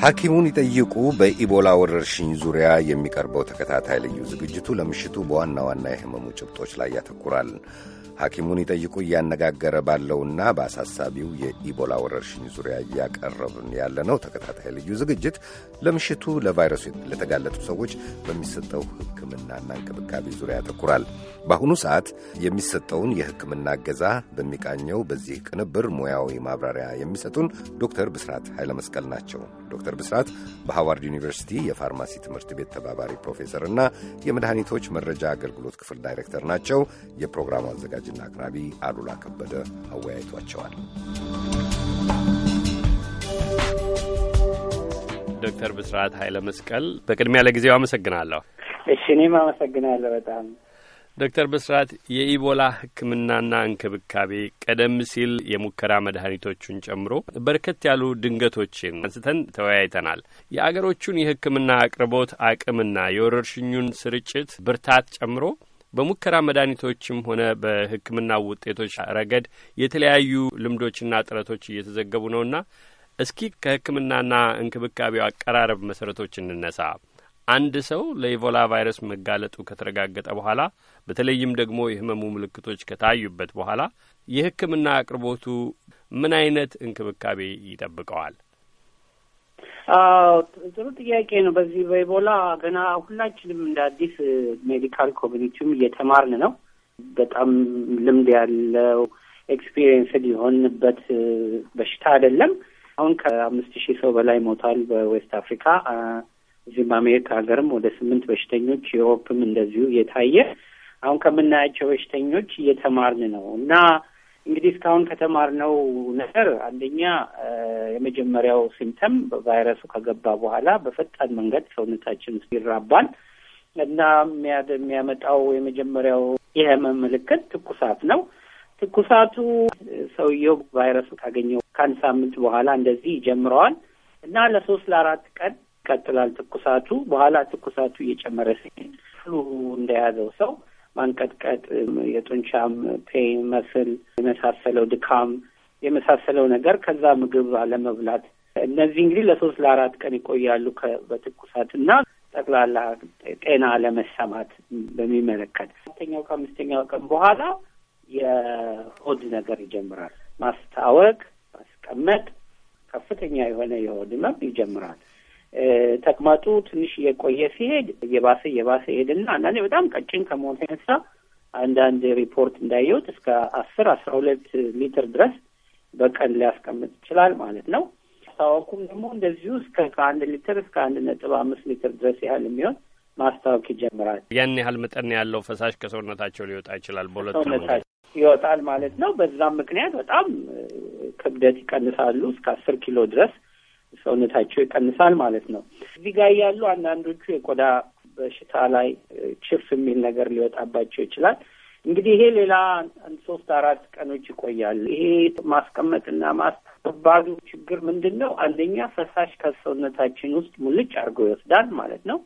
ሐኪሙን ይጠይቁ በኢቦላ ወረርሽኝ ዙሪያ የሚቀርበው ተከታታይ ልዩ ዝግጅቱ ለምሽቱ በዋና ዋና የህመሙ ጭብጦች ላይ ያተኩራል። ሐኪሙን ይጠይቁ እያነጋገረ ባለውና በአሳሳቢው የኢቦላ ወረርሽኝ ዙሪያ እያቀረብን ያለ ነው ተከታታይ ልዩ ዝግጅት ለምሽቱ ለቫይረሱ ለተጋለጡ ሰዎች በሚሰጠው ሕክምናና እንክብካቤ ዙሪያ ያተኩራል። በአሁኑ ሰዓት የሚሰጠውን የሕክምና እገዛ በሚቃኘው በዚህ ቅንብር ሙያዊ ማብራሪያ የሚሰጡን ዶክተር ብስራት ኃይለ መስቀል ናቸው። ዶክተር ብስራት በሃዋርድ ዩኒቨርሲቲ የፋርማሲ ትምህርት ቤት ተባባሪ ፕሮፌሰር እና የመድኃኒቶች መረጃ አገልግሎት ክፍል ዳይሬክተር ናቸው። የፕሮግራሙ አዘጋጅ አዘጋጅና አቅራቢ አሉላ ከበደ አወያይቷቸዋል። ዶክተር ብስራት ኃይለ መስቀል በቅድሚያ ለጊዜው አመሰግናለሁ። እሺ እኔም አመሰግናለሁ በጣም ዶክተር ብስራት የኢቦላ ሕክምናና እንክብካቤ ቀደም ሲል የሙከራ መድኃኒቶቹን ጨምሮ በርከት ያሉ ድንገቶችን አንስተን ተወያይተናል። የአገሮቹን የሕክምና አቅርቦት አቅምና የወረርሽኙን ስርጭት ብርታት ጨምሮ በሙከራ መድኃኒቶችም ሆነ በሕክምና ውጤቶች ረገድ የተለያዩ ልምዶችና ጥረቶች እየተዘገቡ ነውና እስኪ ከሕክምናና እንክብካቤው አቀራረብ መሰረቶች እንነሳ። አንድ ሰው ለኢቦላ ቫይረስ መጋለጡ ከተረጋገጠ በኋላ በተለይም ደግሞ የህመሙ ምልክቶች ከታዩበት በኋላ የህክምና አቅርቦቱ ምን አይነት እንክብካቤ ይጠብቀዋል? አዎ ጥሩ ጥያቄ ነው። በዚህ በኢቦላ ገና ሁላችንም እንደ አዲስ ሜዲካል ኮሚኒቲም እየተማርን ነው። በጣም ልምድ ያለው ኤክስፒሪየንስ ሊሆንበት በሽታ አይደለም። አሁን ከአምስት ሺህ ሰው በላይ ሞቷል በዌስት አፍሪካ። እዚህም አሜሪካ ሀገርም ወደ ስምንት በሽተኞች የኦፕም እንደዚሁ እየታየ አሁን ከምናያቸው በሽተኞች እየተማርን ነው እና እንግዲህ እስካሁን ከተማርነው ነገር አንደኛ የመጀመሪያው ሲምተም ቫይረሱ ከገባ በኋላ በፈጣን መንገድ ሰውነታችን ይራባል እና የሚያመጣው የመጀመሪያው የህመም ምልክት ትኩሳት ነው። ትኩሳቱ ሰውየው ቫይረሱ ካገኘው ከአንድ ሳምንት በኋላ እንደዚህ ይጀምረዋል እና ለሶስት ለአራት ቀን ይቀጥላል ትኩሳቱ። በኋላ ትኩሳቱ እየጨመረ ሲሄድ ፍሉ እንደያዘው ሰው ማንቀጥቀጥ፣ የጡንቻም ፔን፣ መስል የመሳሰለው ድካም የመሳሰለው ነገር ከዛ ምግብ አለመብላት እነዚህ እንግዲህ ለሶስት ለአራት ቀን ይቆያሉ። በትኩሳት እና ጠቅላላ ጤና አለመሰማት በሚመለከት አራተኛው ከአምስተኛው ቀን በኋላ የሆድ ነገር ይጀምራል። ማስታወቅ ማስቀመጥ፣ ከፍተኛ የሆነ የሆድ ህመም ይጀምራል። ተቅማጡ ትንሽ እየቆየ ሲሄድ እየባሰ እየባሰ ሄድና አንዳንዴ በጣም ቀጭን ከመሆን የተነሳ አንዳንድ ሪፖርት እንዳየሁት እስከ አስር አስራ ሁለት ሊትር ድረስ በቀን ሊያስቀምጥ ይችላል ማለት ነው። ማስታወኩም ደግሞ እንደዚሁ እስከ ከአንድ ሊትር እስከ አንድ ነጥብ አምስት ሊትር ድረስ ያህል የሚሆን ማስታወክ ይጀምራል። ያን ያህል መጠን ያለው ፈሳሽ ከሰውነታቸው ሊወጣ ይችላል። በሁለት ይወጣል ማለት ነው። በዛም ምክንያት በጣም ክብደት ይቀንሳሉ እስከ አስር ኪሎ ድረስ ሰውነታቸው ይቀንሳል ማለት ነው። እዚህ ጋር ያሉ አንዳንዶቹ የቆዳ በሽታ ላይ ችፍ የሚል ነገር ሊወጣባቸው ይችላል። እንግዲህ ይሄ ሌላ ሶስት አራት ቀኖች ይቆያል። ይሄ ማስቀመጥና ማስባዱ ችግር ምንድን ነው? አንደኛ ፈሳሽ ከሰውነታችን ውስጥ ሙልጭ አድርጎ ይወስዳል ማለት ነው።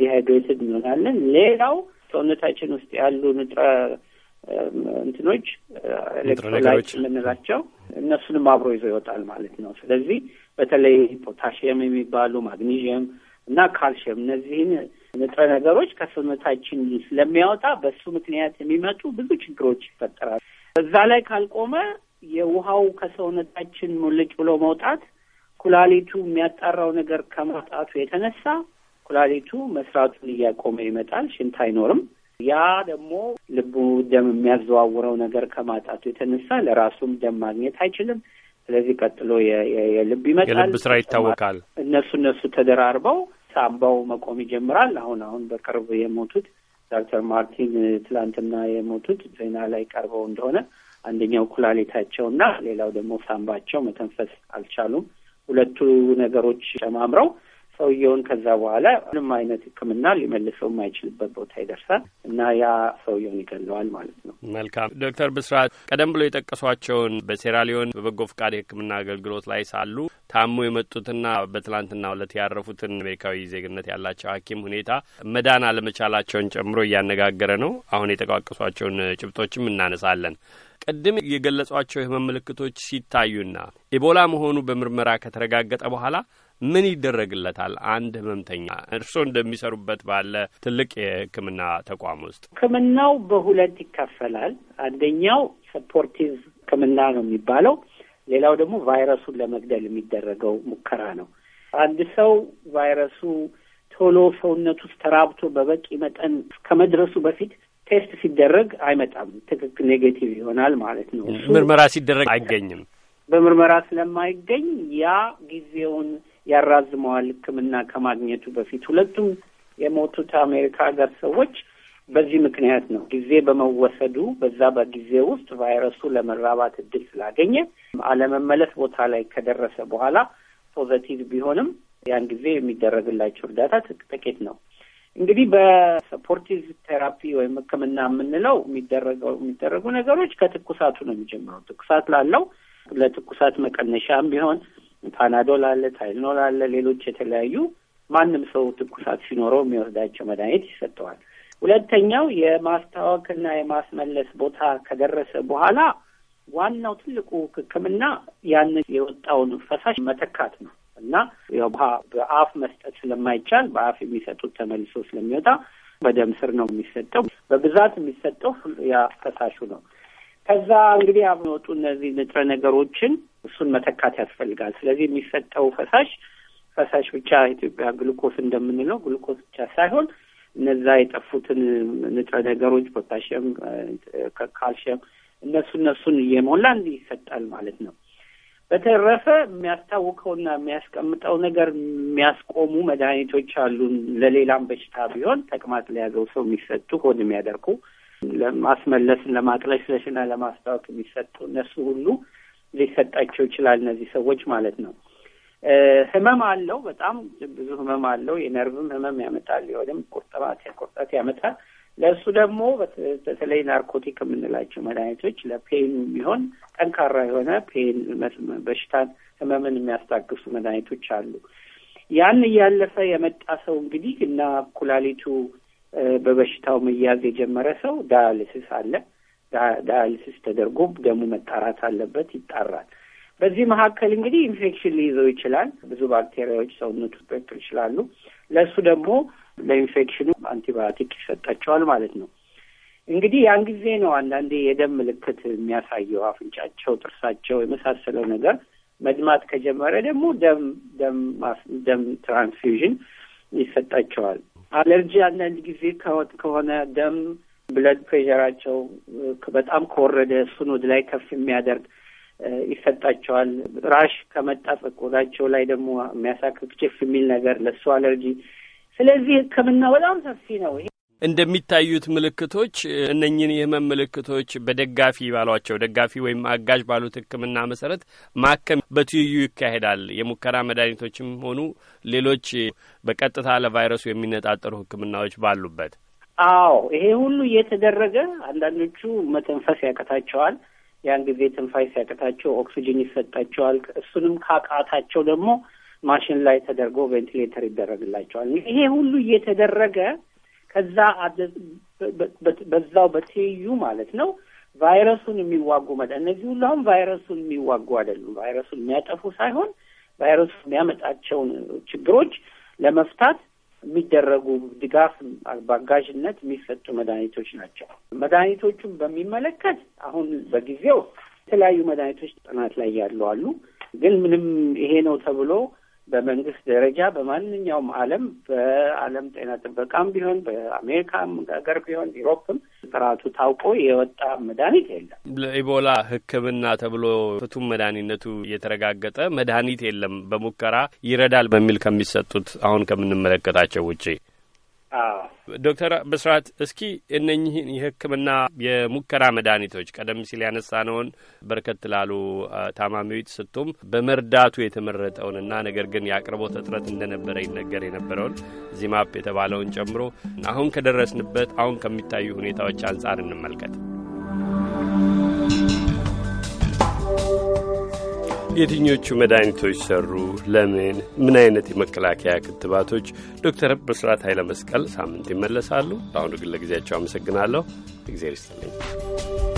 ዲሃይድሬትድ እንሆናለን። ሌላው ሰውነታችን ውስጥ ያሉ ንጥረ እንትኖች ኤሌክትሮላይት የምንላቸው እነሱንም አብሮ ይዞ ይወጣል ማለት ነው። ስለዚህ በተለይ ፖታሽየም የሚባሉ ማግኒዥየም እና ካልሽየም እነዚህን ንጥረ ነገሮች ከሰውነታችን ስለሚያወጣ በሱ ምክንያት የሚመጡ ብዙ ችግሮች ይፈጠራሉ። እዛ ላይ ካልቆመ የውሃው ከሰውነታችን ሙልጭ ብሎ መውጣት ኩላሊቱ የሚያጣራው ነገር ከማጣቱ የተነሳ ኩላሊቱ መስራቱን እያቆመ ይመጣል። ሽንት አይኖርም። ያ ደግሞ ልቡ ደም የሚያዘዋውረው ነገር ከማጣቱ የተነሳ ለራሱም ደም ማግኘት አይችልም። ስለዚህ ቀጥሎ የልብ ይመጣል። የልብ ስራ ይታወቃል። እነሱ እነሱ ተደራርበው ሳምባው መቆም ይጀምራል። አሁን አሁን በቅርብ የሞቱት ዶክተር ማርቲን ትላንትና የሞቱት ዜና ላይ ቀርበው እንደሆነ አንደኛው ኩላሊታቸው እና ሌላው ደግሞ ሳምባቸው መተንፈስ አልቻሉም። ሁለቱ ነገሮች ጨማምረው ሰውየውን ከዛ በኋላ ምንም አይነት ሕክምና ሊመልሰው የማይችልበት ቦታ ይደርሳል እና ያ ሰውየውን ይገለዋል ማለት ነው። መልካም ዶክተር ብስራት ቀደም ብሎ የጠቀሷቸውን በሴራሊዮን በበጎ ፍቃድ የሕክምና አገልግሎት ላይ ሳሉ ታሞ የመጡትና በትላንትና ዕለት ያረፉትን አሜሪካዊ ዜግነት ያላቸው ሐኪም ሁኔታ መዳን አለመቻላቸውን ጨምሮ እያነጋገረ ነው። አሁን የጠቃቀሷቸውን ጭብጦችም እናነሳለን። ቅድም የገለጿቸው የህመም ምልክቶች ሲታዩና ኢቦላ መሆኑ በምርመራ ከተረጋገጠ በኋላ ምን ይደረግለታል? አንድ ህመምተኛ እርስዎ እንደሚሰሩበት ባለ ትልቅ የህክምና ተቋም ውስጥ ህክምናው በሁለት ይከፈላል። አንደኛው ሰፖርቲቭ ህክምና ነው የሚባለው፣ ሌላው ደግሞ ቫይረሱን ለመግደል የሚደረገው ሙከራ ነው። አንድ ሰው ቫይረሱ ቶሎ ሰውነት ውስጥ ተራብቶ በበቂ መጠን ከመድረሱ በፊት ቴስት ሲደረግ አይመጣም። ትክክል ኔጌቲቭ ይሆናል ማለት ነው። ምርመራ ሲደረግ አይገኝም። በምርመራ ስለማይገኝ ያ ጊዜውን ያራዝመዋል ሕክምና ከማግኘቱ በፊት። ሁለቱም የሞቱት አሜሪካ ሀገር ሰዎች በዚህ ምክንያት ነው። ጊዜ በመወሰዱ በዛ በጊዜ ውስጥ ቫይረሱ ለመራባት እድል ስላገኘ አለመመለስ ቦታ ላይ ከደረሰ በኋላ ፖዘቲቭ ቢሆንም ያን ጊዜ የሚደረግላቸው እርዳታ ጥቂት ነው። እንግዲህ በሰፖርቲቭ ቴራፒ ወይም ህክምና የምንለው የሚደረገው የሚደረጉ ነገሮች ከትኩሳቱ ነው የሚጀምረው። ትኩሳት ላለው ለትኩሳት መቀነሻም ቢሆን ፓናዶል አለ፣ ታይልኖል አለ፣ ሌሎች የተለያዩ ማንም ሰው ትኩሳት ሲኖረው የሚወስዳቸው መድኃኒት ይሰጠዋል። ሁለተኛው የማስታወክና የማስመለስ ቦታ ከደረሰ በኋላ ዋናው ትልቁ ሕክምና ያን የወጣውን ፈሳሽ መተካት ነው እና ያው በአፍ መስጠት ስለማይቻል በአፍ የሚሰጡት ተመልሶ ስለሚወጣ በደም ስር ነው የሚሰጠው። በብዛት የሚሰጠው ያ ፈሳሹ ነው። ከዛ እንግዲህ የሚወጡ እነዚህ ንጥረ ነገሮችን እሱን መተካት ያስፈልጋል። ስለዚህ የሚሰጠው ፈሳሽ ፈሳሽ ብቻ ኢትዮጵያ ግሉኮስ እንደምንለው ግሉኮስ ብቻ ሳይሆን እነዛ የጠፉትን ንጥረ ነገሮች ፖታሽም፣ ካልሽየም እነሱ እነሱን እየሞላ እንዲህ ይሰጣል ማለት ነው። በተረፈ የሚያስታውቀውና የሚያስቀምጠው ነገር የሚያስቆሙ መድኃኒቶች አሉን። ለሌላም በሽታ ቢሆን ተቅማጥ ለያዘው ሰው የሚሰጡ ሆን የሚያደርጉ ለማስመለስ ለማቅለሽለሽ እና ለማስታወቅ የሚሰጡ እነሱ ሁሉ ሊሰጣቸው ይችላል። እነዚህ ሰዎች ማለት ነው። ህመም አለው፣ በጣም ብዙ ህመም አለው። የነርቭም ህመም ያመጣል፣ የሆድም ቁርጥማት ቁርጠት ያመጣል። ለእሱ ደግሞ በተለይ ናርኮቲክ የምንላቸው መድኃኒቶች ለፔን የሚሆን ጠንካራ የሆነ ፔን በሽታን ህመምን የሚያስታግሱ መድኃኒቶች አሉ። ያን እያለፈ የመጣ ሰው እንግዲህ እና ኩላሊቱ በበሽታው መያዝ የጀመረ ሰው ዳያልስስ አለ። ዳያልስስ ተደርጎ ደሙ መጣራት አለበት፣ ይጣራል። በዚህ መካከል እንግዲህ ኢንፌክሽን ሊይዘው ይችላል። ብዙ ባክቴሪያዎች ሰውነቱ ጠጡ ይችላሉ። ለእሱ ደግሞ ለኢንፌክሽኑ አንቲባዮቲክ ይሰጣቸዋል ማለት ነው። እንግዲህ ያን ጊዜ ነው አንዳንዴ የደም ምልክት የሚያሳየው አፍንጫቸው፣ ጥርሳቸው የመሳሰለው ነገር መድማት ከጀመረ ደግሞ ደም ደም ደም ትራንስፊውዥን ይሰጣቸዋል። አለርጂ አንዳንድ ጊዜ ከሆነ ደም ብለድ ፕሬሸራቸው በጣም ከወረደ እሱን ወደ ላይ ከፍ የሚያደርግ ይሰጣቸዋል። ራሽ ከመጣ ቆዳቸው ላይ ደግሞ የሚያሳክክ ጭፍ የሚል ነገር ለእሱ አለርጂ። ስለዚህ ሕክምና በጣም ሰፊ ነው። እንደሚታዩት ምልክቶች እነኝን የህመም ምልክቶች በደጋፊ ባሏቸው ደጋፊ ወይም አጋዥ ባሉት ሕክምና መሰረት ማከም በትይዩ ይካሄዳል። የሙከራ መድኃኒቶችም ሆኑ ሌሎች በቀጥታ ለቫይረሱ የሚነጣጠሩ ሕክምናዎች ባሉበት። አዎ፣ ይሄ ሁሉ እየተደረገ አንዳንዶቹ መተንፈስ ያቀታቸዋል። ያን ጊዜ ትንፋይ ሲያቀታቸው ኦክሲጅን ይሰጣቸዋል። እሱንም ካቃታቸው ደግሞ ማሽን ላይ ተደርጎ ቬንቲሌተር ይደረግላቸዋል። ይሄ ሁሉ እየተደረገ ከዛ በዛው በትይዩ ማለት ነው ቫይረሱን የሚዋጉ መ እነዚህ ሁሉ አሁን ቫይረሱን የሚዋጉ አይደሉም። ቫይረሱን የሚያጠፉ ሳይሆን ቫይረሱ የሚያመጣቸውን ችግሮች ለመፍታት የሚደረጉ ድጋፍ በአጋዥነት የሚሰጡ መድኃኒቶች ናቸው። መድኃኒቶቹን በሚመለከት አሁን በጊዜው የተለያዩ መድኃኒቶች ጥናት ላይ ያሉ አሉ። ግን ምንም ይሄ ነው ተብሎ በመንግስት ደረጃ በማንኛውም ዓለም በዓለም ጤና ጥበቃም ቢሆን በአሜሪካም ሀገር ቢሆን ዩሮፕም ጥራቱ ታውቆ የወጣ መድኃኒት የለም። ለኢቦላ ሕክምና ተብሎ ፍቱም መድኃኒነቱ የተረጋገጠ መድኃኒት የለም። በሙከራ ይረዳል በሚል ከሚሰጡት አሁን ከምንመለከታቸው ውጪ ዶክተር ብስራት እስኪ እነኚህን የህክምና የሙከራ መድኃኒቶች ቀደም ሲል ያነሳነውን በርከት ላሉ ታማሚዎች ስቱም በመርዳቱ የተመረጠውንና ነገር ግን የአቅርቦት እጥረት እንደነበረ ይነገር የነበረውን ዚማፕ የተባለውን ጨምሮ አሁን ከደረስንበት አሁን ከሚታዩ ሁኔታዎች አንጻር እንመልከት። የትኞቹ መድኃኒቶች ሰሩ? ለምን? ምን አይነት የመከላከያ ክትባቶች? ዶክተር ብስራት ኃይለ መስቀል ሳምንት ይመለሳሉ። በአሁኑ ግን ለጊዜያቸው አመሰግናለሁ። እግዜር ይስጥልኝ።